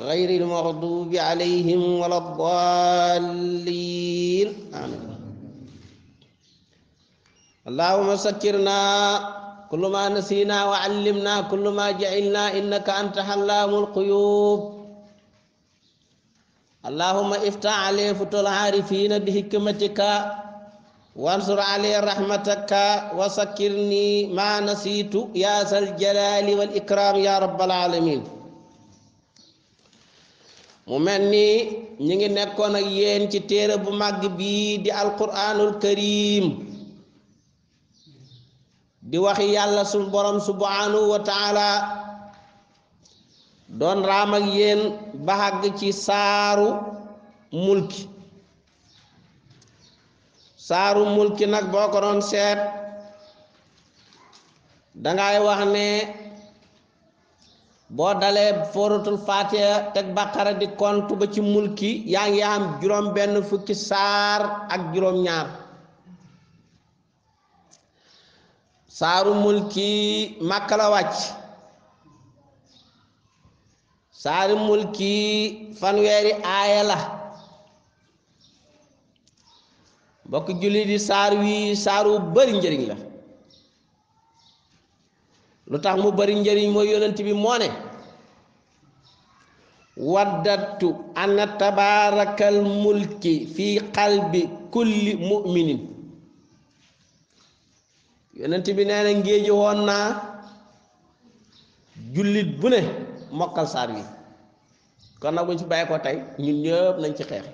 غير المغضوب عليهم ولا الضالين آمين اللهم سكرنا كل ما نسينا وعلمنا كل ما جعلنا إنك أنت حلام القيوب اللهم افتح عليه فتو العارفين بحكمتك وانصر عليه رحمتك وسكرني ما نسيت يا ذا الجلال والإكرام يا رب العالمين mu mel nii ñu ngi nekkoon ak yéen ci téere bu màgg bii di alquranul karim di waxi yàlla su borom subhanahu wa taala doon raam ak yéen ba àgg ci saaru mulki saaru mulki nag boo ko doon seet dangay wax ne boo dalee fooratul faatiha teg baqara di kontu ba ci mulki yaa ngi am juróom benn fukki saar ak juróom ñaar saaru mulki Makka la saari mulki fanweeri aaya la mbokk julli di saar wi saaru bari njëriñ la lu tax mu bari njariñ mooy yonent bi moo ne waddatu ana tabaarakal mulki fii qalbi kulli mu'minin yonent bi nee na ngéeji woon naa jullit bu ne mokkal saar kon nag bu ñu ci ci xeex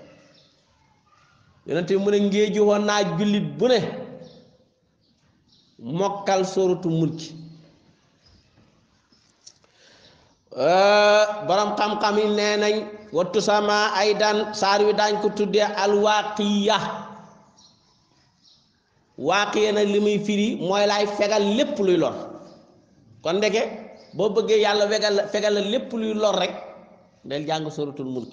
yonent bi mu ne ngéeji woon naa jullit mulki Euh, borom xam-xam nee nañ wattu sama ay daan saar wi daañ ko tuddee alwaaqiya waaqiya nag li muy firi mooy laay fegal lépp luy lor kon ndeke boo bëggee yàlla fegal fegal la lépp luy lor rek del jàng suratul mulk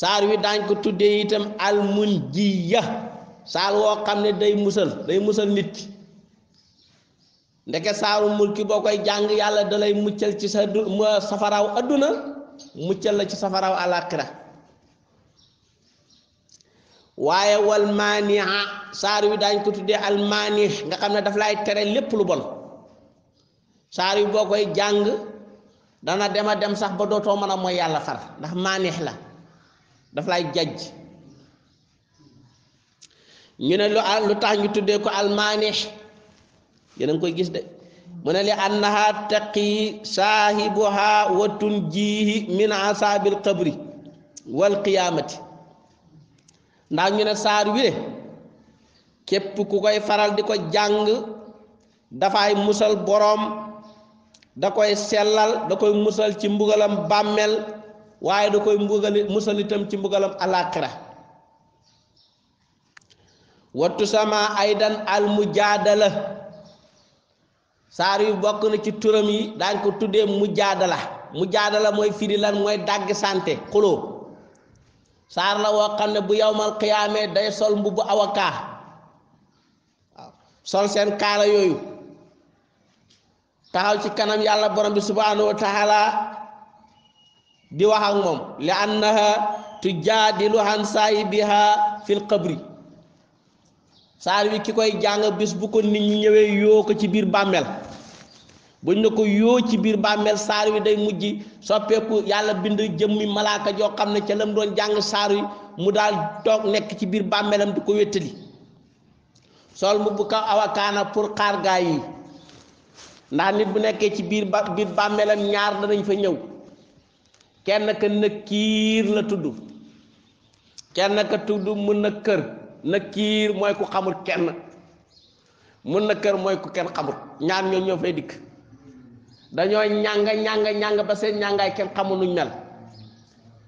saar wi dañ ko tuddee itam almunjiya saar woo xam ne day musal day musal nit ndeke saaru mulki boo koy jàng yàlla dalay lay muccal ci sa safaraaw adduna muccal la ci safaraaw alaaxira waaye wal maaniha saar wi dañ ko tuddee al maanih nga xam ne daf lay tere lépp lu bon saar wi boo koy jàng dana dema dem sax ba dootoo mën a mooy yàlla far ndax maanix la daf lay jajj ñu ne lu tax ñu tuddee ko al yéen koy gis de mu ne li annaha taqi saahibuha wa tunjihi min asaabil qabri wal qiyaamati ndax ñu ne saar wi de ku koy faral di ko jàng dafay musal boroom da koy sellal da koy musal ci mbugalam bàmmeel waaye da koy mbugali musal ci mbugalam alaaxira wattu sama aydan al mujaadala saar yu bokk na ci turam yi daañ ko tuddee mujjaadala mujjaadala mooy firi lan mooy dàgg sante xuloo saar la woo xam ne bu yowmal xiyaamee day sol mbubbu avocat waaw sol seen kaala yooyu taxaw ci kanam yàlla borom bi subhanahu wa di wax ak moom li annaha tujaadilu han saahibiha fil qabri saar wi ki koy jàng bés bu ko nit ñi ñëwee yoo ko ci biir bàmmeel buñ ne ko yoo ci biir bàmmeel saar wi day mujj soppeeku yàlla bind jëmmi malaaka joo xam ne ca doon jàng saar wi mu daal toog nekk ci biir bàmmeelam du ko wéttali sol mu bu kaw awakaana pour xaar yi ndax nit bu nekkee ci biir ba biir bàmmeelam ñaar danañ fa ñëw kenn ka nëkkiir la tudd kenn ka tudd mën na kër nakiir mooy ku xamul kenn mun na kër mooy ku kenn xamul ñaar ñoo ñoo fay dikk dañoo ñànga ñànga ñànga ba seen ñàngaay kenn xamul nuñ mel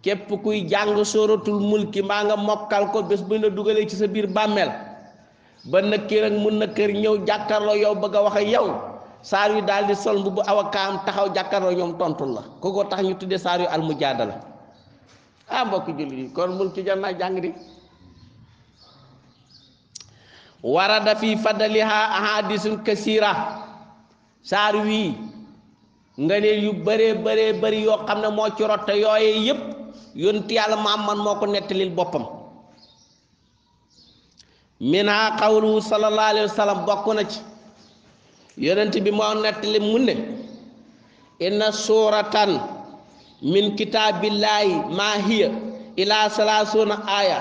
képp kuy jàng sóoratul mulki mbaa nga mokkal ko bés bu ñu dugalee ci sa biir bàmmeel ba nakiir ak mun na kër ñëw jàkkarloo yow bëgg a wax ak yow saar yu daal di sol mbubu awakaam taxaw jàkkarloo ñoom tontul la kooku tax ñu tuddee saar yu almujaadala ah mbokk jullit yi kon mulki jar naa jàng di warada fi fadaliha ahadisun kasira saar wii nga yu bëree bëree bëri yoo xam ne moo ci rotte yooye yépp yonti yàlla Muhammad moo ko nettalil boppam mina qawluhu sallallahu alayhi wa sallam bokk na ci yonent bi moo nettali mu ne inna suuratan min kitaabillahi maa hiya ilaa salaasuuna aaya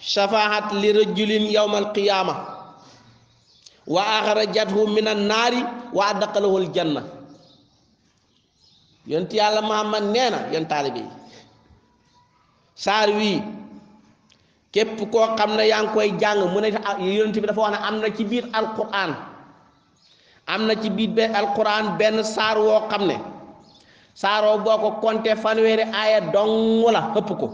shafaat li rajulin yawmal qiyaama wa axrajathu min an naari wa adqalahu al janna yont yàlla Muhammad nee na yont taalibe yi saar wii képp koo xam ne yaa ngi koy jàng mu ne ah, yonent bi dafa wax ne am na ci biir alquran am na ci biir benn saar woo xam ne saaroo boo ko compté fanweeri aaya dong la xëpp ko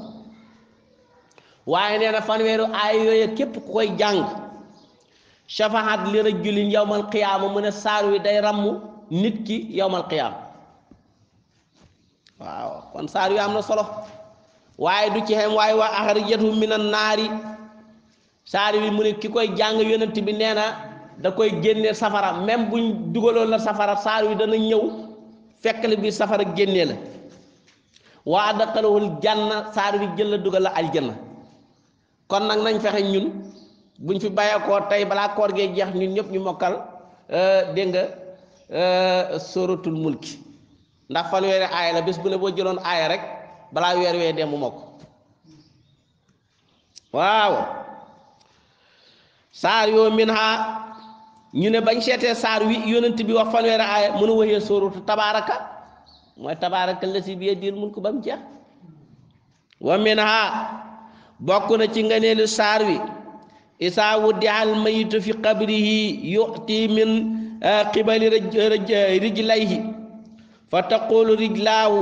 waaye nee na fanweeru aay yooyu képp ku koy jàng li rajulin yowmal qiyaama mu saar wi day ramm nit ki yowmal qiyaama waaw kon saar am solo waaye du ci xem waaye waa naari saar wi mu ne ki koy jàng yonent bi nee na da koy génne safara même buñ dugaloon la safara saar wi dana ñëw fekk la safara génnee la waa saar wi jël la dugal la aljanna kon nag nañ fexe ñun buñ fi bàyyeekoo tey balaa koor gee jeex ñun ñëpp ñu mokkal euh, dégg nga euh, sóoratul mulki ndax fanweeri aaya la bés bu ne boo jëloon aaya rek balaa weer wee dem mu mokk waaw saar yoo min haa ñu ne bañ seetee saar wi yonent bi wax fanweeri aaya mën a waxee sóoratu tabaaraka mooy tabaaraka la si biir diir mulk ba mu jeex wa min haa bokk na ci nganeelu saar wi isaa wuddihal mayitu fi qabrihi yu'ti min ah, qibali rijlayhi fa taqulu rijlaahu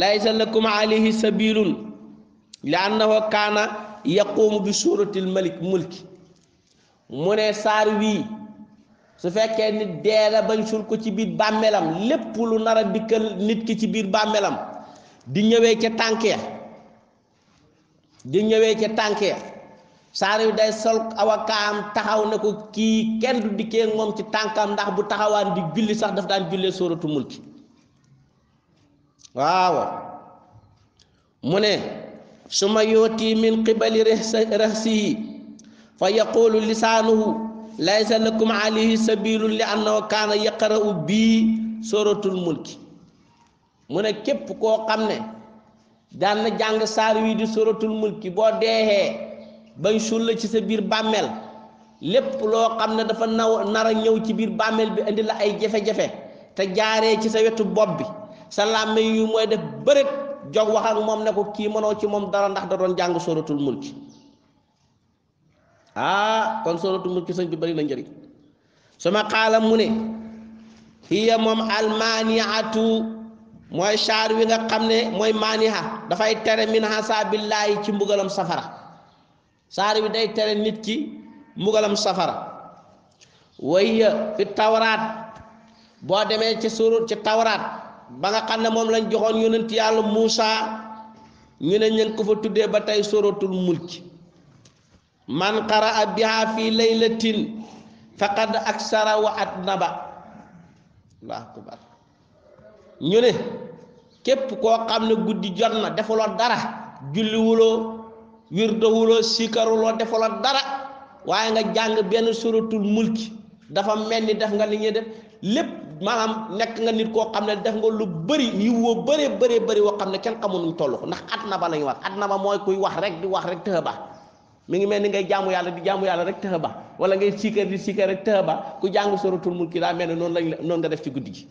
laysa lakum alayhi sabilun li annahu kaana yaquumu bi suratil malik mulki mu ne saar wii su fekkee nit dee bañ suul ko ci biir bàmmeelam lépp lu nar a dikkal nit ki ci biir bàmmeelam di ñëwee ca tànk ya di ñëwee ca tànk ya saar yu day sol awakaam taxaw na ko kii kenn du dikkee moom ci tànkam ndax bu taxawaan di julli sax daf daan jullee sóoratu mulki waaw mu ne su ma yóoti min qibali rahsihi fa yaqulu lisaanuhu laysa lakum alayhi sabilun li annahu kaana yaqra'u bii sóoratul mulki mu ne képp koo xam ne daan na jàng saar wii di suratul mulki boo deexee bañ la ci sa biir bàmmeel lépp loo xam ne dafa nar a ñëw ci biir bàmmeel bi indi la ay jafe-jafe te jaaree ci sa wetu bopp bi sa làmme yu mooy def bërët jog wax moom ne ko kii mënoo ci moom dara ndax da doon jàng sóoratul mulki ah kon suratul mulki sëñ bi bari njariñ njëriñ suma xaalam mu ne hiya moom almaaniatu mooy saar wi nga xam ne mooy maaniha dafay tere min xasaabillaahi ci mbugalam safara saar bi day tere nit ci mbugalam safara wayya fi tawraat boo demee ci surut ci tawraat ba nga xam ne moom lañ joxoon yonent yàlla Muusa ñu ne ñën ko fa tuddee ba tey suratul mulk man qaraa biha fi laylatin faqad aksara wa atnaba allahu akbar ñu ne képp koo xam ne guddi jot na defuloo dara julliwuloo wirdawuloo sikaruloo defuloo dara waaye nga jàng benn suratul mulki dafa mel ni def nga li ñuy def lépp maanaam nekk nga nit koo xam ne def nga lu bëri yi woo bëree bëree bëri woo xam ne kenn xamul nuñ toll ndax at na ba la ñuy wax at na ba mooy kuy wax rek di wax rek tëx ba mi ngi mel ni ngay jaamu yàlla di jaamu yàlla rek tëx ba wala ngay siikar di siikar rek tëx ku jàng suratul mulki daa mel ne noonu lañ noonu nga def ci guddi gi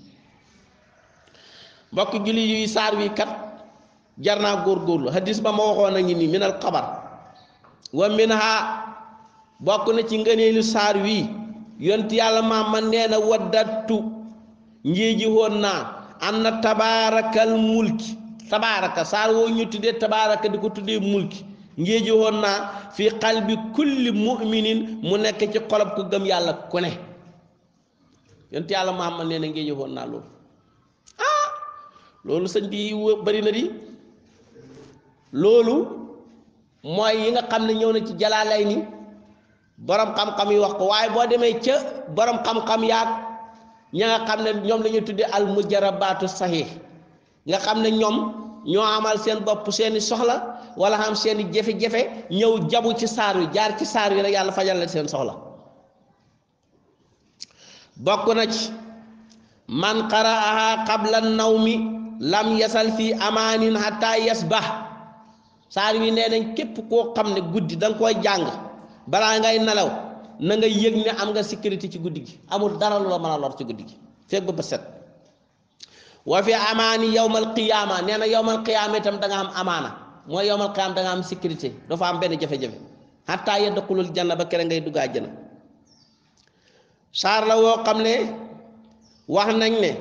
mbokk julli yuy saar wi kat jar naa góorgóorlu hadis ba ma waxoon a ngi nii minal xabar wa minha bokk na ci ngëneelu saar wi yont yàlla maam ma nee na waddattu njiiji woon naa am na tabaarakal mulki tabaaraka saar woo ñu tuddee tabaaraka di ko tuddee mulki njiiji woon naa fi qalbi kulli mu'minin mu nekk ci xolob ku gëm yàlla ku ne yont yàlla maam ma nee na njiiji woon naa loolu loolu sëñ bi bari na di loolu mooy yi nga xam ne ñëw na ci jalaalay ni borom xam-xam yi wax ko waaye boo demee ca boroom xam-xam yaag ña nga xam ne ñoom lañuy ñuy tuddee al mujarabaatu sahih nga xam ne ñoom ñoo amal seen bopp seeni soxla wala am seeni jafe-jafe ñëw jabu ci saar wi jaar ci saar wi rek yàlla fajal la seen soxla bokk na ci man qara'aha qabla nawmi lam yasal fii amaanin hatta yasbah saar wi nee nañ képp koo xam ne guddi danga nga jàng balaa ngay nelaw nanga nga yëg ne am nga sécurité ci guddi gi amul dara lu la a lor ci guddi gi fekk ba set wa fi amaani yowmal qiyaama nee na yowmal qiyaama itam da am amaana mooy yowmal qiyaama da am sécurité dafa am benn jafe-jafe hatta yadxulul janna ba kere ngay duggaa àjjana saar la woo xam ne wax nañ ne.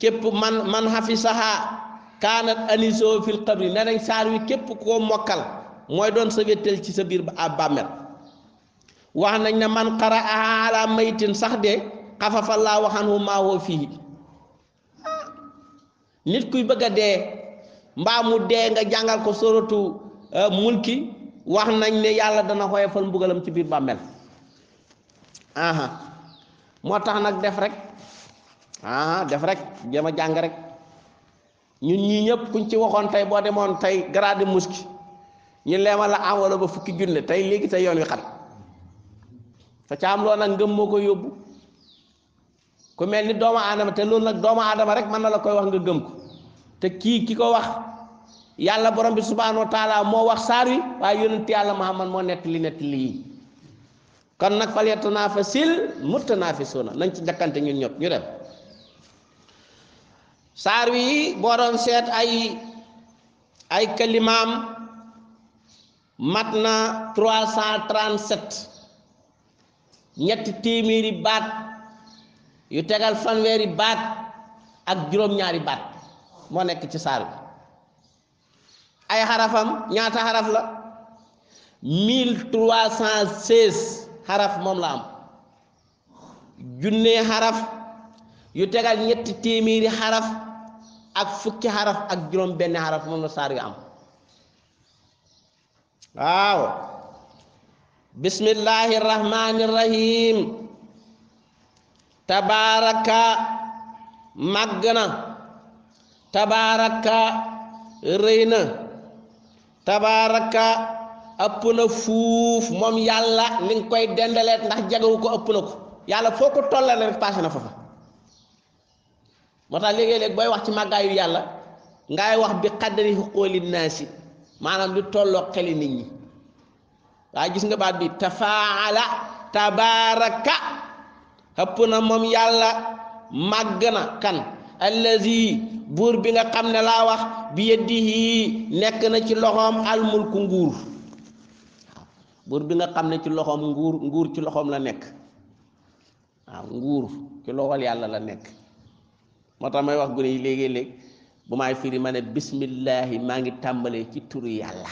képp man man xafisaha kaanat aniso fil qabri ne nañ saar wi képp koo mokkal mooy doon sa wéttal ci sa biir ba ab bàmmel wax nañ ne man qara'aha ala maytin sax de xafafa laa waxanhu maa woo fii nit kuy bëgg a dee mbaa mu dee nga jàngal ko soratu euh, mulki wax nañ ne yàlla dana xoyofal mbugalam ci biir bàmmel aha moo tax nag def rekk def rek jéem a jàng rek ñun ñii ñëpp kuñ ci waxoon tey boo demoon tey grade muski ñu leemal la enwala ba fukki junne tey léegi tey yoon wi xat te caam loolu nag ngëm moo ko yóbbu ku mel ni doomu aadama te loolu nag doomu aadama rek mën na la koy wax nga gëm ko te kii ki ko wax yàlla borom bi subhaanahu wa moo wax saar wi waaye yonent yàlla Muhammad moo nett li nett lii kon nag fa naa naa fi mutanaafisoona nañ ci njëkkante ñun ñëpp ñu dem saar wi boo doon seet ay ay kalimaam mat na trois cent trente-sept ñetti téeméeri baat yu tegal fanweeri baat ak juróom-ñaari baat moo nekk ci saar wi ay xarafam ñaata xaraf la mille trois cent seize xaraf moom la am junne xaraf yu tegal ñetti téeméeri xaraf ak fukki xaraf ak juróom benn xaraf moom la saar wi am waaw bismillahi rahmani rahim tabaraka màgg na tabaraka rëy na tabaraka ëpp na fuuf moom yàlla li nga koy dendaleet ndax jagewu ko ëpp na ko yàlla foo ko tollale rek passé na fa fa moo tax léegi-léeg booy wax ci màggaayu yàlla ngay wax bi xaddari xooli naasi maanaam lu tolloo xeli nit ñi waaye gis nga baat bi tafaala tabaaraka xëpp na moom yàlla màgg na kan allazi buur bi nga xam ne laa wax bi yadihi nekk na ci loxoom almulku nguur buur bi nga xam ne ci loxoom nguur ci loxoom la nekk waaw nguur ci loxol yàlla la nekk moo tax may wax gune yi léegi-léeg bu maay firi ma ne bismillahi maa ngi tàmbalee ci turu yàlla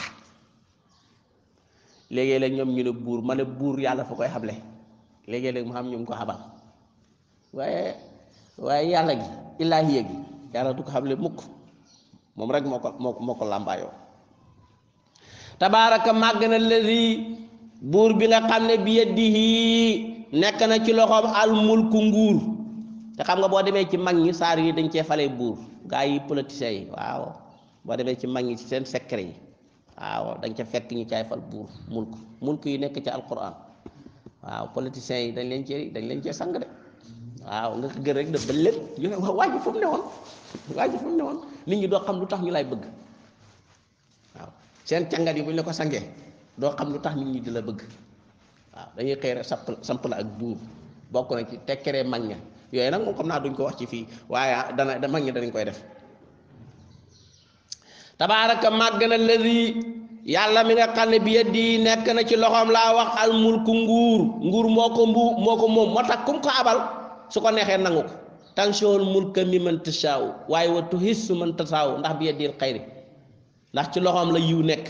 léegi-léeg ñoom ñu ne buur ma ne buur yàlla foo koy xable léegi-léeg mu xam ñu ko xabal waaye waaye yàlla gi ilaahiya gi yàlla du ko xable mukk moom rek moo ko moo moo ko làmbaayoo tabaaraka màgg na lëri buur bi nga xam ne bi yadihi nekk na ci loxoom al mulku nguur te xam nga boo demee ci mag ñi saar yi dañ cee falee buur gaa yi politiciens yi waaw boo demee ci mag ñi ci seen secret yi waaw dañ ca fekk ñu caay fal buur mulk mulk yi nekk ci alquran waaw politiciens yi dañ leen cee dañ leen cee sang de waaw nga ko gën rek def ba lépp waa ji ne woon waa ji doo xam lu tax ñu lay bëgg waaw seen càngat yi bu ñu la ko sangee doo xam lu tax nit ñi di la bëgg waaw dañuy xëy rek samp samp la ak buur bokk na ci tekkeree mag ña yooyu nag moom xam naa duñ ko wax ci fii waaye dana mag ñi danañ koy def tabaaraka màgg na lëri yàlla mi nga xam ne bi yeddi nekk na ci loxoom la wax al nguur nguur moo ko mbu moo ko moom moo tax kum ko abal su ko neexee nangu ko tansiyool mulka mi man tasaaw waaye wa tuhissu man tasaaw ndax bi yeddil xayri ndax ci loxoom la yiw nekk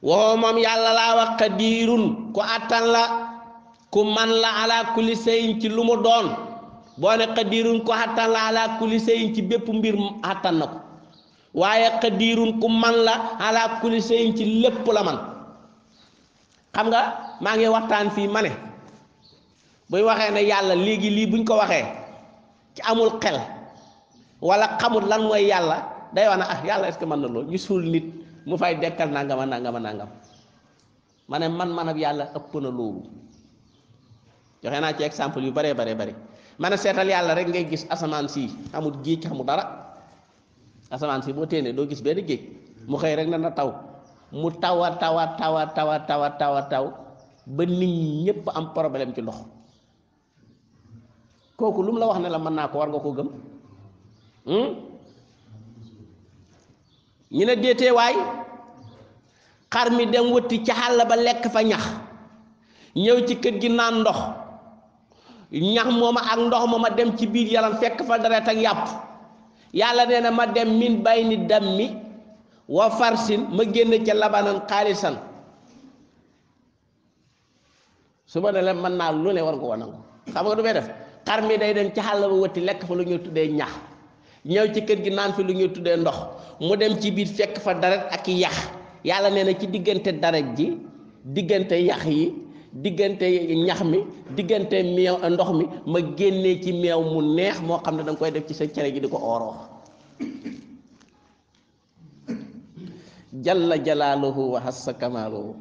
waxoo moom yàlla laa wax xadiirun ku àttan la ku man la ala kulli ci lu mu doon boo ne xadiirun ku xattan la ala kulli ci bépp mbir xattan na ko waaye xadiirun ku man la ala kulli ci lépp la man xam nga maa ngi waxtaan fii mane ne buy waxee ne yàlla léegi lii buñ ko waxee ci amul xel walla xamul lan mooy yàlla day wax na ah yàlla est-ce mën na loolu ñu suul nit mu fay dekkal nangama nangama nangam ma man-man yàlla ëpp na loolu joxe naa ci exemple yu baree baree bëri man a seetal yàlla rek ngay gis asamaan si amul géej amul dara asamaan si boo téenee doo gis benn géej mu xëy rek na na taw mu tawa tawa tawa tawa tawa tawa taw ba nit ñi ñépp am problème ci ndox kooku lu mu la wax ne la mën naa ko war nga ko gëm hmm? ñu ne déetee waay xar mi dem wuti ca xàll ba lekk fa ñax ñëw ci kër gi naan ndox ñax mooma ak ndox ma ma dem ci biir yaram fekk fa deret ak yàpp yàlla nee na ma dem miin bay ni dam mi wa farsin ma génn ca labanan xaalisan su ma ne leen mën naa lu ne war nga ko nangu xam nga du may def xar mi day dem ci xàll ba wëtti lekk fa lu ñuy tuddee ñax ñëw ci kër gi naan fi lu ñuy tuddee ndox mu dem ci biir fekk fa deret ak yax yàlla nee na ci diggante deret ji diggante yax yi diggante ñax mi diggante meew ndox mi ma génnee ci meew mu neex moo xam ne danga koy def ci sa cere gi di ko ooroo jalla jalaaluhu wa hassa kamaaluhu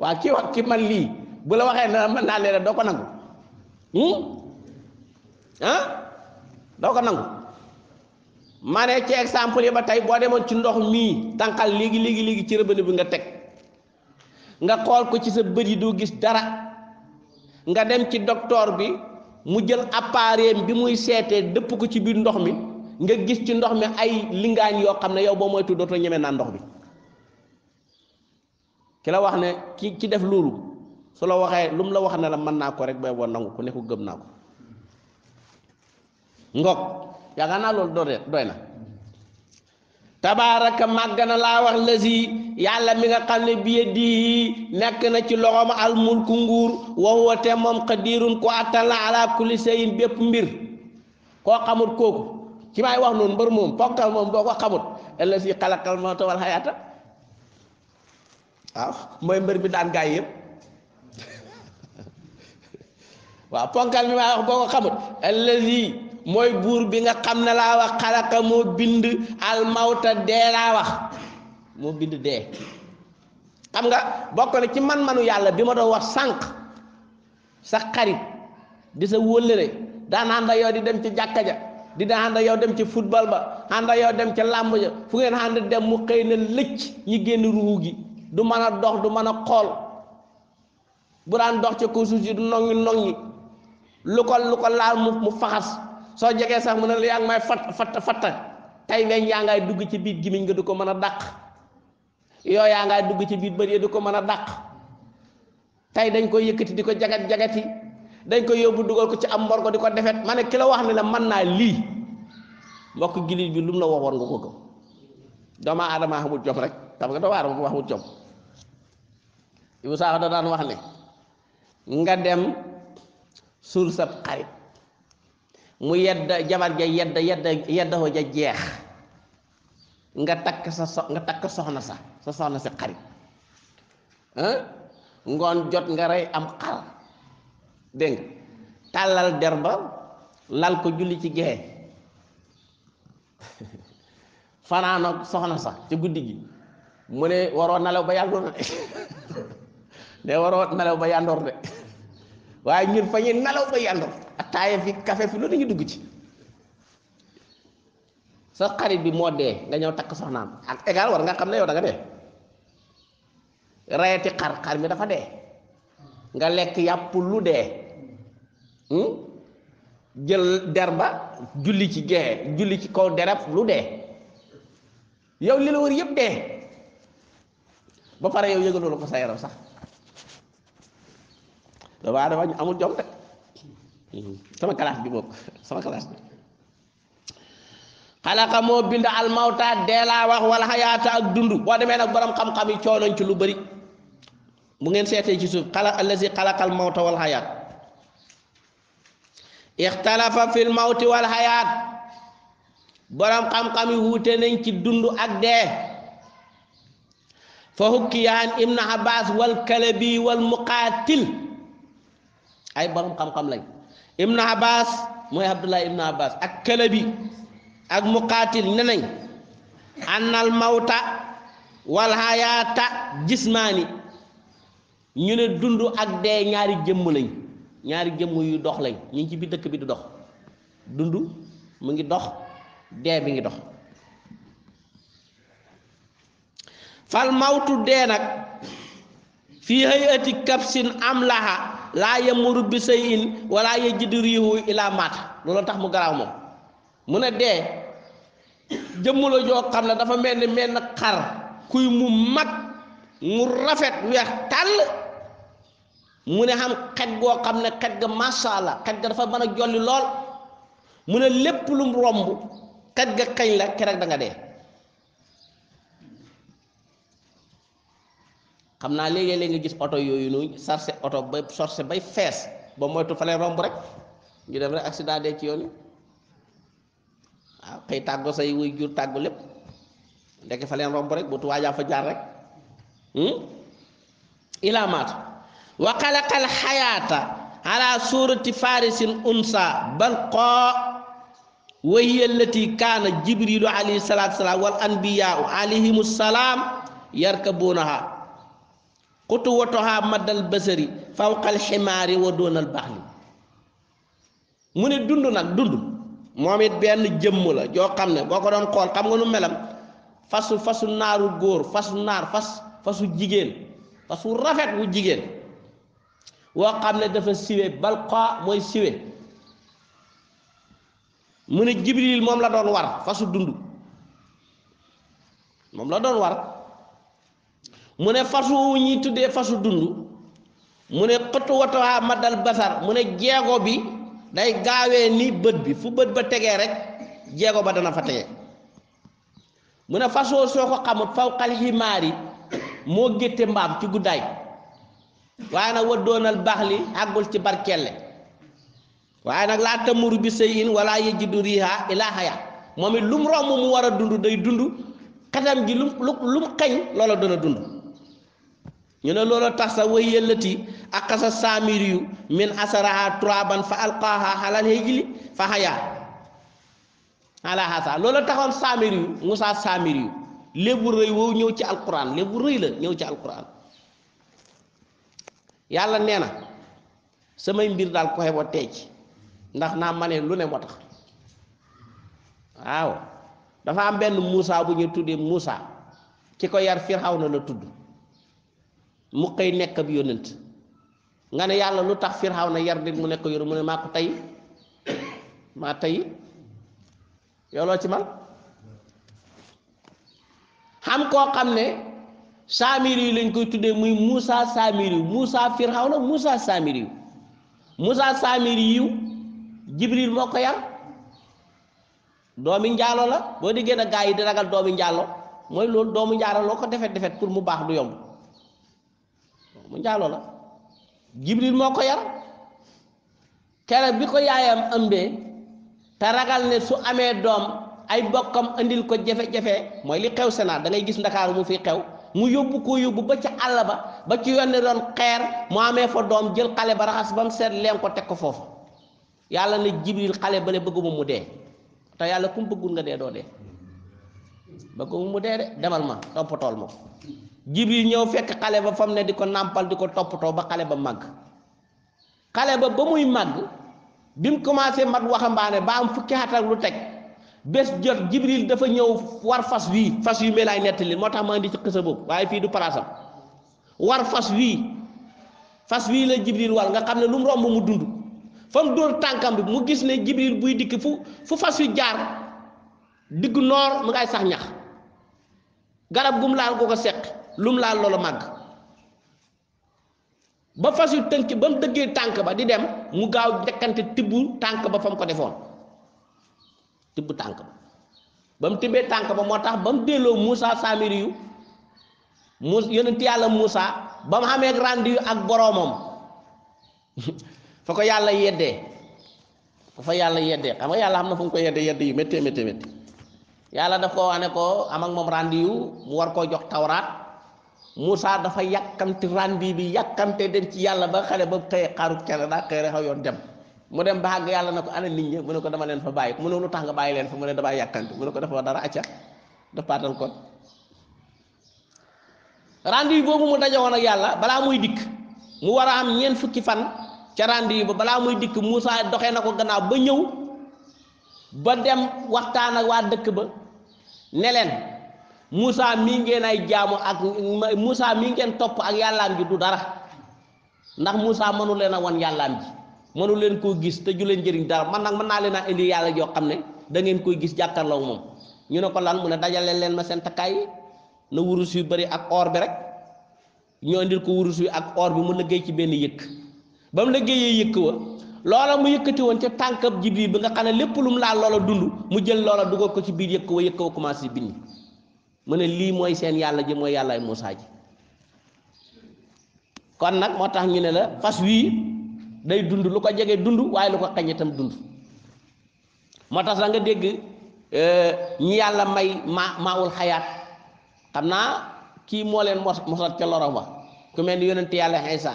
waa ki wax ki man lii bu la waxee na mën naa leen doo ko nangu hmm? ah doo ko nangu ma ne ci exemple yi ba tey boo demoon ci ndox mii tànqal léegi léegi léegi ci rëbëni bi nga teg nga xool ko ci sa bët yi doo gis dara nga dem ci docteur bi mu jël appareil bi muy seetee dëpp ko ci biir ndox mi nga gis ci ndox mi ay lingaañ yoo xam ne yow boo moytu dootoo ñeme naa ndox mi ki la wax ne ki ci def loolu su la waxee lu mu la wax ne la mën naa ko rek bay boo nangu ko ne ko gëm naa ko ngoog yaakaar naa loolu doo doy na tabaaraka màgg na laa wax lësi yàlla mi nga xam ne biye diyi nekk na ci loxoom al mulku nguur waxuwa te moom xadiirun ko attan la ala kulli shay'in bépp mbir koo xamut kooku ci may wax noonu mbër moom ponkal moom boo ko xamut lësi mooy buur bi nga xam ne laa wax xalaka moo bind almawta dee laa wax moo bind dee xam nga bokk na ci man-manu yàlla bi ma doon wax sànq sa xarit di sa wóllëre daan ànd yow di dem ci jàkka ja di daan ànd yow dem ci football ba ànd yow dem ci làmb ja fu ngeen ànd dem mu xëy na lëcc ñi génn ruu gi du mën a dox du mën a xool bu daan dox ci ko suuf du nongi nongi lu ko lu ko laal mu mu faxas soo jegee sax mu ne la yaa ngi may fatt fatt fatt tey weñ yaa ngay dugg ci biir gimiñ nga du ko mën a dàq yoo yaa ngay dugg ci biir bët yi du ko mën a dàq tey dañ koy yëkkati di ko jagat jagati dañ koy yóbbu dugal ko ci am mborgo di ko defet ma ne kilo la wax ne la mën naa lii mbokk gilit bi lu mu la waxoon nga ko gëm doomaa aadama xamul jom rek xam nga doomu aadama xamul jom Ibou Sakho da daan wax ne nga dem suul sab xarit mu yedda jabar ja yedda yedda yedda ko ja jeex nga takk sa so nga takk soxna sax sa soxna sa xarit ngoon jot nga rey am xar tàllal der ba julli ci gexe fanaanoog soxna sa ci guddi gi mu ne waroo nelaw ba yàndoor de ne waroo nelaw ba yàndoor de waaye ñun fa ñu nelaw ba yàndoor ataaya fi café fi lu dañuy dugg ci sa xarit bi moo dee nga ñëw takk soxnaam ak égal war nga xam ne yow danga nga dee rayati xar xar mi dafa dee nga lekk yàpp lu dee hmm? jël derba julli ci gee julli ci kaw derab lu dee yow li la wër yépp dee ba pare yow yëgaloo la ko sa yaram sax dafa dafa amul jom de Mm-hmm. sama classe bi bokk sama classe bi xalaqa moo bind almawta dee laa wax wala xayaata ak dund boo demee nag boroom xam-xam yi coonoñ ci lu bari mu ngeen seetee ci suuf xalaq allazi xalaqal mawta wal xayaat ixtalafa fil mawti wal xayaat borom xam-xam yi wuute nañ ci dund ak dee fa hukkiyaan ibn abbas wal kalabi wal muqaatil ay borom xam-xam lañ ibnu abbas mooy abdullah ibnu abbas ak këlëbi ak muqaatil ne nañ annal mawta wal hayaata jismaani ñu ne dund ak dee ñaari jëmm lañ ñaari jëmm yu dox lañ ñu ngi ci biir dëkk bi di dox dund mu ngi dox dee bi ngi dox fal mawtu dee nag fii hayati kapsin am laha laa yamuru bi say in wala yajidu riihu ilaa maat loolu tax mu garaaw moom mu ne dee jëmm joo xam ne dafa mel ni menn xar kuy mu mag mu rafet weex tàll mu ne xam xet goo xam ne xet ga masha Allah xet ga dafa mën a jolli lool mu ne lépp lu romb xet ga kañ la keroog da nga dee xam naa léeg-léeg gis oto yooyu noonu sarse oto ba sorse bay fees ba moytu fa lay romb rek ñu dem rek accident dee ci yoon yi waaw xëy tàggo say wuy jur tàggu lépp ndekk fa leen romb rek bu tuwaajaa fa jaar rek hmm? ilaa maat wa xalaqal xayaata ala surati farisin unsa balqa wa hiya allati kaana jibrilu alayhi salaatu salaam wal anbiyaau alayhimu salaam yarkabuunaha xutuwatuhaa maddal basari fawqal ximaari wa doonal baxli mu ne dund nag dund moom it benn jëmm la joo xam ne boo ko doon xool xam nga nu melam fasu fasu naaru góor fasu naar fas fasu jigéen fasu rafet wu jigéen woo xam ne dafa siwe balqa mooy siwe mu ne jibril moom la doon war fasu dund moom la doon war mu ne fasu ñi tuddee fasu dund mu ne xëttu watuwaa madal basar mu ne jeego bi day gaawee ni bët bi fu bët ba tegee rek jeego ba dana fa tege mu ne fasoo soo ko xamut faw xal ximaar yi moo gétte mbaam ci guddaay waaye nag wa doonal baax li àggul ci barkelle waaye nag laa tamuru bi sëy in wala yëjidu riiha ilaa xaya moom it lu romb mu war a dund day dund xatam ji lu lu xeñ loola dana dund ñu ne loolu tax sa way yëllati ak sa saamiri yu min asaraha turaban fa alqaaha xalal hijli fa xayaa ala hasa loolu taxoon saamiri yu Moussa saamiri yu lébu rëy wow ñëw ci alquran lébu rëy la ñëw ci alquran yàlla nee na samay mbir daal ko xeboo teej ndax naa manee lu ne moo tax waaw dafa am benn Moussa bu ñu tuddee Moussa ci ko yar na la tudd mu xëy nekk ab yónnent nga ne yàlla lu tax firxaw na yar nit mu nekk yoru mu ne maa ko tey maa tey yow ci man xam koo xam ne saamiri yu lañ koy tuddee muy Moussa saamiri yu Moussa firxaw na Moussa saamiri yu Moussa saamiri yu Jibril moo ko yar doomi njaalo la boo di a gaa yi di ragal doomi njaalo mooy loolu doomu njaalo loo ko defet defet pour mu baax du yomb mu njaaloo la jibril moo ko yar keroog bi ko yaayam ëmbee te ragal ne su amee doom ay bokkam indil ko jafe-jafe mooy li xew Sénat da ngay gis ndakaaru mu fi xew mu yóbbu ko yóbbu ba ca àll ba ba ci yónnee doon xeer mu amee fa doom jël xale ba raxas ba mu seet leen ko teg ko foofu yàlla na jibril xale bale bëgguma mu dee te yàlla kum bëggul nga dee doo dee bëgguma mu dee de demal ma toppatool ma jibril ñëw fekk xale ba fam ne di ko nàmpal di ko toppatoo ba xale ba màgg xale ba ba muy màgg bi mu commencé mat waxambaane ba am fukki at ak lu teg bés jot jibril dafa ñëw war fas wii fas yu mel laay nettali moo tax ma indi ci xësa boobu waaye fii du palaasam war fas wii fas wii la jibril war nga xam ne lu romb mu dund fa mu dóor tànkam bi mu gis ne jibril buy dikk fu fu fas yu jaar diggu noor mu ngay sax ñax garab gum laal ko ko seq lum laal loolu màgg ba fas yu tënk ba mu dëggee tànk ba di dem mu gaaw njëkkante tibb tànk ba fa mu ko defoon tibb tànk ba ba mu tibbee tànk ba moo tax ba mu delloo Moussa Samiri yu mu yonent yàlla Moussa ba mu xamee rànd yu ak boroomam foo ko yàlla yeddee fa yàlla yeddee xam nga yàlla xam na fu mu ko yeddee yedd yu méttee méttee yàlla daf ko wax ne ko am ak moom rànd yu mu war koo jox tawraat Moussa dafa yàkkamti rendi bi yàkkamte dem ci yàlla ba xale ba xëy xaaru cere daa xëy xaw yoon dem mu dem ba àgg yàlla na ko ana nit ñi mu ne ko dama leen fa bàyyi mu ne lu tax nga bàyyi leen fa mu ne ko dafa dara acca daf paatal kon rendi boobu mu daje woon ak yàlla balaa muy dikk mu war am ñeent fukki fan ca rendi ba balaa muy dikk Moussa doxee na ko gannaaw ba ñëw ba dem waxtaan ak waa dëkk ba ne leen Moussa mii ngeen ay jaamu ak Moussa mii ngeen topp ak yàllaam ji du dara ndax Moussa mënu leen a wan yàllaam ji mënu leen koo gis te ju leen jëriñ dara man nag mën naa leen a indi yàlla joo xam ne da ngeen koy gis jàkkaarloo moom ñu ne ko lan mu ne dajale leen ma seen na wurus yu bari ak or bi rek ñoo indil ko wurus yu ak or bi mu géey ci benn yëkk ba mu liggéeyee yëkk wa loola mu yëkkati woon ca tànkab Jibril bi nga xam ne lépp lu mu laal loola dund mu jël loola dugal ko ci biir yëkk wa commencé bind mu ne lii mooy seen yàlla ji mooy yàllaay Muusaa kon nag moo tax ñu ne la fas wii day dund lu ko jege dund waaye lu ko xañ itam dund moo tax da nga dégg eh, ñi yàlla may ma maawul xayaat xam naa kii moo leen mos mosal ca loro ma ku mel ni yonent yàlla Iisa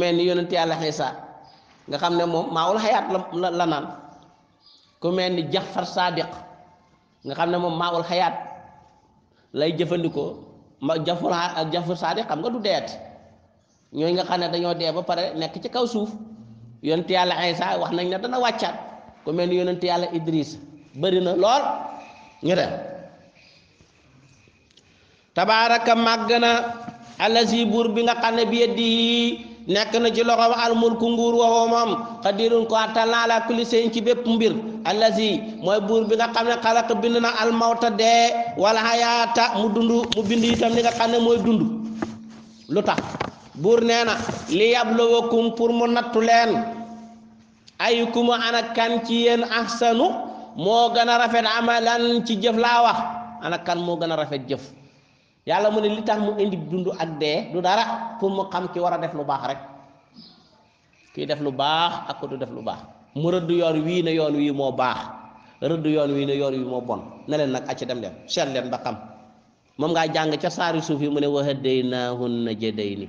mel ni yonent yàlla Iisa nga xam ne moom maawul xayaat la la naan ku mel ni Jaafar Saadiq nga xam ne moom maawul xayaat lay jëfandikoo ma jafur ak jafur saadi xam nga du deet ñooy nga xam ne dañoo dee ba pare nekk ci kaw suuf yonent yàlla Iisaa wax nañ ne dana wàccaat ku mel ni yonent yàlla Idris bëri na lool ñu dem tabaaraka màgg na alasi buur bi nga xam ne bi yeddi nekk na ci loxo al mulku nguur waxoo moom xadirun ko attal na ala kulli ci bépp mbir allazi mooy buur bi nga xam ne xalaq bind na al mawta dee wala hayaata mu dund mu bind itam li nga xam ne mooy dund lu tax buur nee na li yabluwakum pour mu nattu leen ayukum ana kan ci yéen ahsanu moo gën a rafet amalan ci jëf laa wax ana kan moo gën a rafet jëf yàlla mu ne li tax mu indi dund ak dee du dara pour mu xam ki war a def lu baax rek kii def lu baax ak ko du def lu baax mu rëdd yoon wii ne yoon wii moo baax rëdd yoon wii ne yoon wii moo bon ne leen nag acca dem leen seet leen ba xam moom ngaa jàng ca saari suuf yi mu ne ni wa hadaynahunna jadayni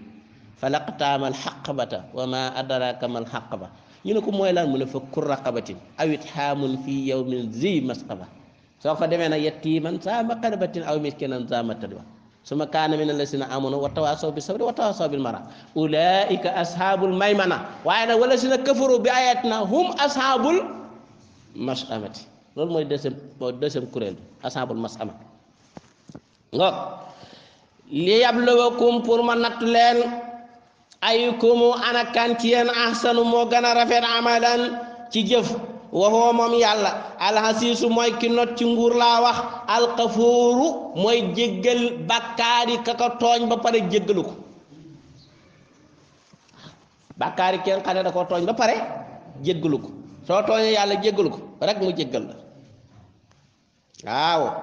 falaqtaamal xaqabata wa ma adraka xaq ba ñu ne ko mooy lan mu ne fa kur raqabatin awit xaamun fii yawmin zi masqaba soo fa demee nag yettiiman saama qarabatin aw miskinan zaama tadwa suma kaana mina lazina amanu wa tawaasaw bi sabri wa tawaasaw bil mara ulaika ashaabul maymana waaye nag wala sina kafaru bi ayatina hum ashaabul masamati loolu mooy deuxième deuxième kuréel bi ashaabul ngoog li yabluwakum pour ma natt leen ayukumu ana ahsanu moo gën rafet amalan ci jëf waxoo moom yàlla alxasiisu mooy ki not ci nguur laa wax alxafóoru mooy jéggal bàkkaari kaka ba pare jéggalu ko bàkkaari kenn xam ne da ko tooñ ba pare jéggalu ko soo tooñee yàlla jéggalu ko rek mu jéggal la waaw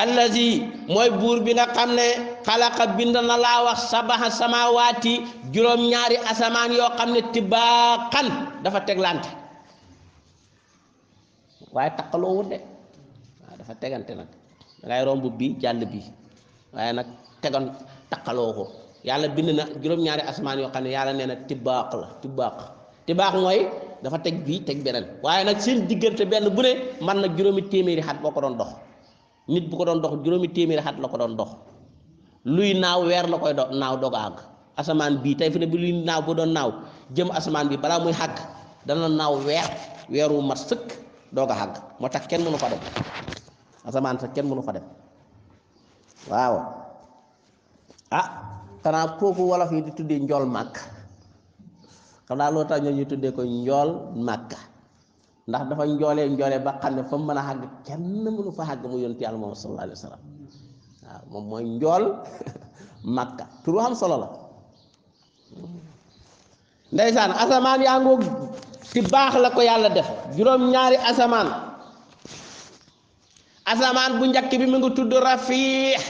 allazi mooy buur bi na xam ne xalaqa bind na laa wax sabaxa samawaati juróom-ñaari asamaan yoo xam ne tibaaxan dafa teglante waaye taqaloo wut de waaw dafa tegante nag dangay romb bii jàll bii waaye nag tegan taqaloo ko yàlla bind na juróom-ñaari asmaan yoo xam ne yàlla nee na tibbaax la tibbaax tibbaax mooy dafa teg bii teg beneen waaye nag seen diggante benn bu ne man nag juróomi téeméeri xat boo ko doon dox nit bu ko doon dox juróomi téeméeri xat la ko doon dox luy naaw weer la koy do naaw doog a asamaan bii tey fi ne bi luy naaw bu doon naaw jëm asamaan bi balaa muy xàgg dana naaw weer weer wu mat doog a xàgg moo tax kenn mënu fa dem asamaan sax kenn mënu fa dem waaw a ah, xanaa kooku wolof yi di tuddee njool màkk xam naa loolu tax ñoo ñu tuddee ko njool màkk ndax dafa njoolee njoolee ba xam ne fa mën a xàgg kenn mënu fa xàgg mu yoon yàlla moom sallallahu alayhi wa waaw moom mooy njool màkka turu am solo la ndeysaan asamaan yaa ngoog ci baax la ko yàlla def juróom ñaari asamaan asamaan bu njëkk bi mu ngi tudd rafiix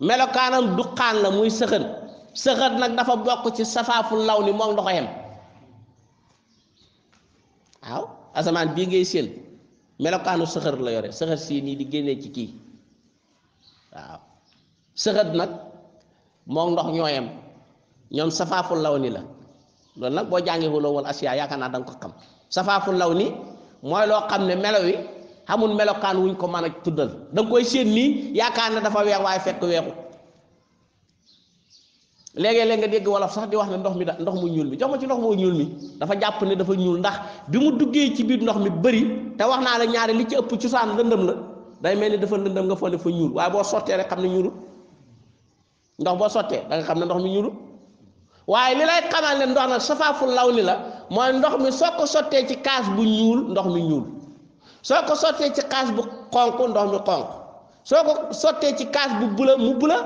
melokaanam duqaan la muy sëxën sëxën nag dafa bokk ci safaafu law ni moom ndoxo yem waaw asamaan bii ngay séen melokaanu sëxër la yore sëxër sii nii di génnee ci kii waaw sëxët nag moom ndox ñooyam ñoom safaaful law ni la loolu nag boo jàngee wuloo wal asiya yaakaar naa da nga ko xam safaafu law ni mooy loo xam ne melo wi xamul melokaan wuñ ko mën a tuddal danga koy séen nii yaakaar ne dafa weex waaye fekk weexut léegi-léeg nga dégg wolof sax di wax ne ndox mi da ndox mu ñuul mi jox ci ndox mu ñuul mi dafa jàpp ne dafa ñuul ndax bi mu duggee ci biir ndox mi bari te wax naa la ñaari li ci ëpp cosaan lëndëm la day mel ni dafa lëndëm nga foog ne fa ñuul waaye boo sottee rek xam ne ñuulut ndox boo sottee da xam ne ndox mi ñuulut waaye li lay xamal ne ndox nag safaafu law ni la mooy ndox mi soo ko sottee ci kaas bu ñuul ndox mi ñuul soo ko sottee ci kaas bu xonq ndox mi xonq soo ko sottee ci kaas bu bula mu bula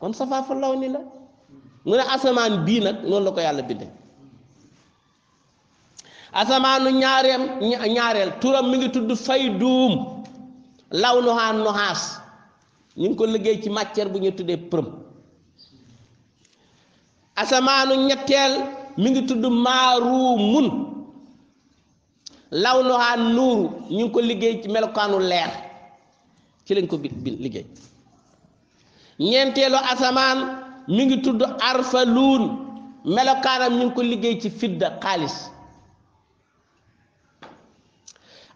kon safaafu law ni la mu ne asamaan bii nag noonu la ko yàlla bindee asamaanu ñaareem ñaareel turam mi ngi tudd fay duum law nuhaa nuhaas ñu ngi ko liggéey ci matière bu ñu tuddee përëm asamaanu ñetteel mi ngi tudd maaruumun law noxaa nuuru ñu ko liggéey ci melokaanu leer ci lañ ko bi liggéey ñeenteelu asamaan mi ngi tudd arfaluun melokaanam ñu ngi ko liggéey ci fidda xaalis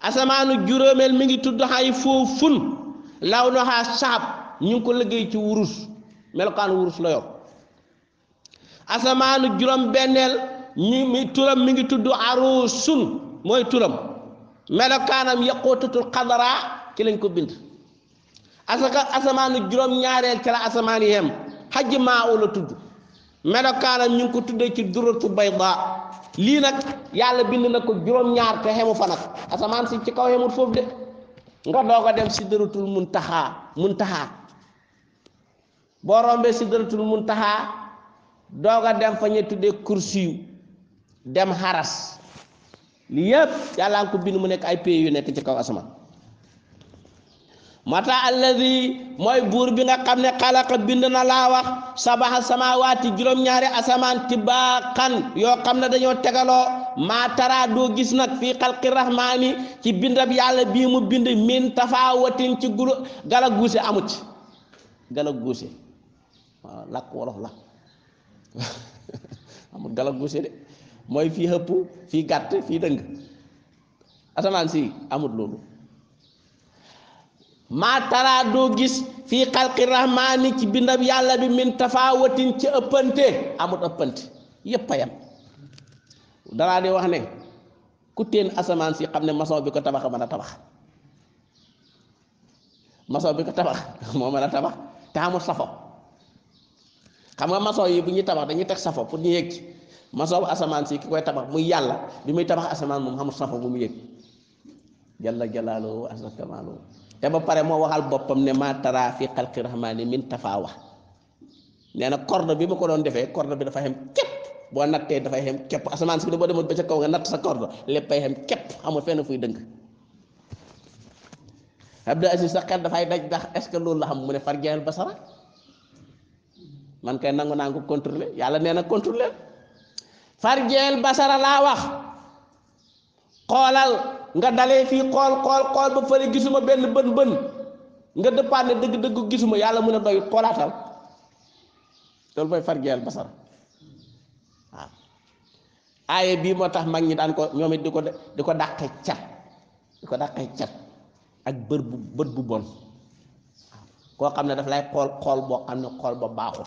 asamaanu juróomeel mi ngi tudd xay foofun law noxaa saxab ñu ngi ko liggéey ci wurus melokaanu wurus la asamaanu juróom-benneel mi turam mi ngi tudd arusun mooy turam melokaanam yaquutatul xadara ci lañ ko bind asaka asamaanu juróom-ñaareel ci la asamaan yi yem xajj maa la tudd melokaanam ñu ngi ko tuddee ci duratu bayda lii nag yàlla bind na ko juróom-ñaar te xemu fa asamaan si ci kaw xemut foofu de nga doog a dem sidratul muntaha muntaha boo rombee sidratul muntaha dooga dem fa ñu tuddee kursiyu dem xaras li yépp yàlla ko bind mu nekk ay pays yu nekk ci kaw asamaan mata alladi mooy buur bi nga xam ne xalaqa bind na laa wax sabaxa samawaati juróom-ñaari asamaan tibaaxan yoo xam ne dañoo tegaloo maa tara doo gis nag fii xalqi rahmaani ci bindab yàlla bii mu bind min tafaawatin ci gulu gala guuse amut gala guuse waaw lakk wolof la amut galaguuse de mooy fii xëpp fii gàtt fii dëng asamaan si amul loolu maa taraa doo gis fii xalqi rahmaani ci bindam yàlla bi min tafaawatin ci ëppante amul ëppante yëpp a danaa di wax ne ku teen asamaan si xam ne maçon bi ko tabax mën a tabax maçon bi ko tabax moo mën a tabax te amul safo xam nga masoo yi bu ñuy tabax dañuy teg safo pour ñu yëg ci asamaan si ki koy tabax muy yàlla bi muy tabax asamaan moom xamul safo bu mu yëg jalla jalaaluhu azza te ba pare moo waxal boppam ne maa tara fi xalqi rahmaani min tafaawa nee na corde bi ma ko doon defee corde bi dafa xem képp boo nattee dafay xem képp asamaan si bi boo demoon ba ca kaw nga natt sa corde léppay xem képp xamul fenn fuy dëng Abdou Aziz sa xel dafay daj ndax est ce que loolu la xam mu ne far jeel basara man kay nangu naa ko contrôler yàlla nee na contrôler farjeel basara laa wax xoolal nga dalee fii xool xool xool ba fële gisuma benn bën bën nga dëppaat ne dëgg dëgg gisuma yàlla mën a doy xoolaatal loolu mooy farjeel basara waaw aaye bii moo tax mag ñi daan ko ñoom it di ko di ko dàqe cat di ko dàqe cat ak bër bu bët bu bon koo xam ne daf lay xool xool boo xam ne xool ba baaxul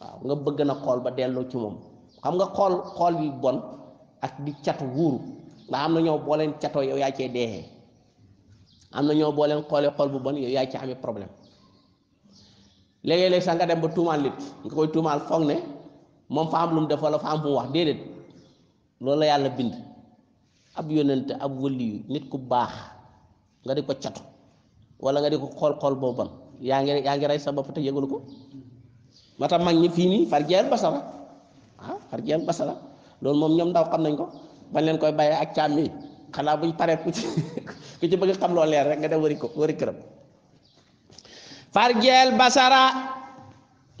waaw nga bëgg na xool ba delloo ci moom xam nga xool xool bi bon ak di catu wuuru ndax am na ñoo boo leen catoo yow yaa cee deexee am na ñoo boo leen xoolee xool bu bon yow yaa ci amee problème léegi sax nga dem ba tuumaal nit nga tuumaal foog ne moom fa am lu am mu wax déedéet loolu la yàlla bind ab yónnent ab wëliyu nit ku baax nga di ko catu wala nga di ko xool xool boo yaa ngi yaa sa bopp te yëgalu ko ba tax mag ñi fii nii farjeel basala ah farjeel basala loolu moom ñoom ndaw xam nañ ko bañ leen koy bàyyee ak càmm yi xanaa buñ paree ku ci bëgg xam loo leer rek nga dem wari ko wari këram farjeel basara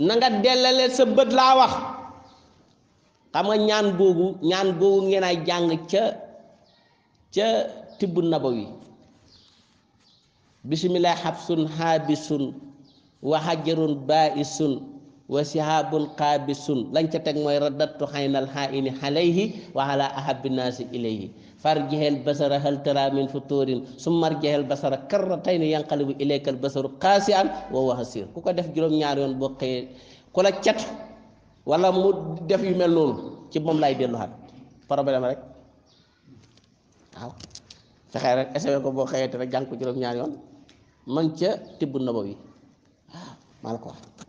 na dellale sa bët laa wax xam nga ñaan googu ñaan googu ngeen ay jàng ca ca tibb nabawi bisimilah xabsun xaabisun wa xajarun baisun wa sihaabun qaabisun lañ ca teg mooy raddattu xaynal xaa'ini xalayhi wa ala ahabbi naasi ilayhi farjihel basara hal tara min futurin summa arjihel basara karratayni yanqalibu ilayka al basaru qaasi'an wa huwa hasiir ku ko def juróom-ñaari yoon boo xëyee ku la cat wala mu def yu mel noonu ci moom lay delluwaat problème rek waaw fexe rek essayé ko boo xëyee te rek jàng juróom-ñaari yoon man ca tibb nabawi waaw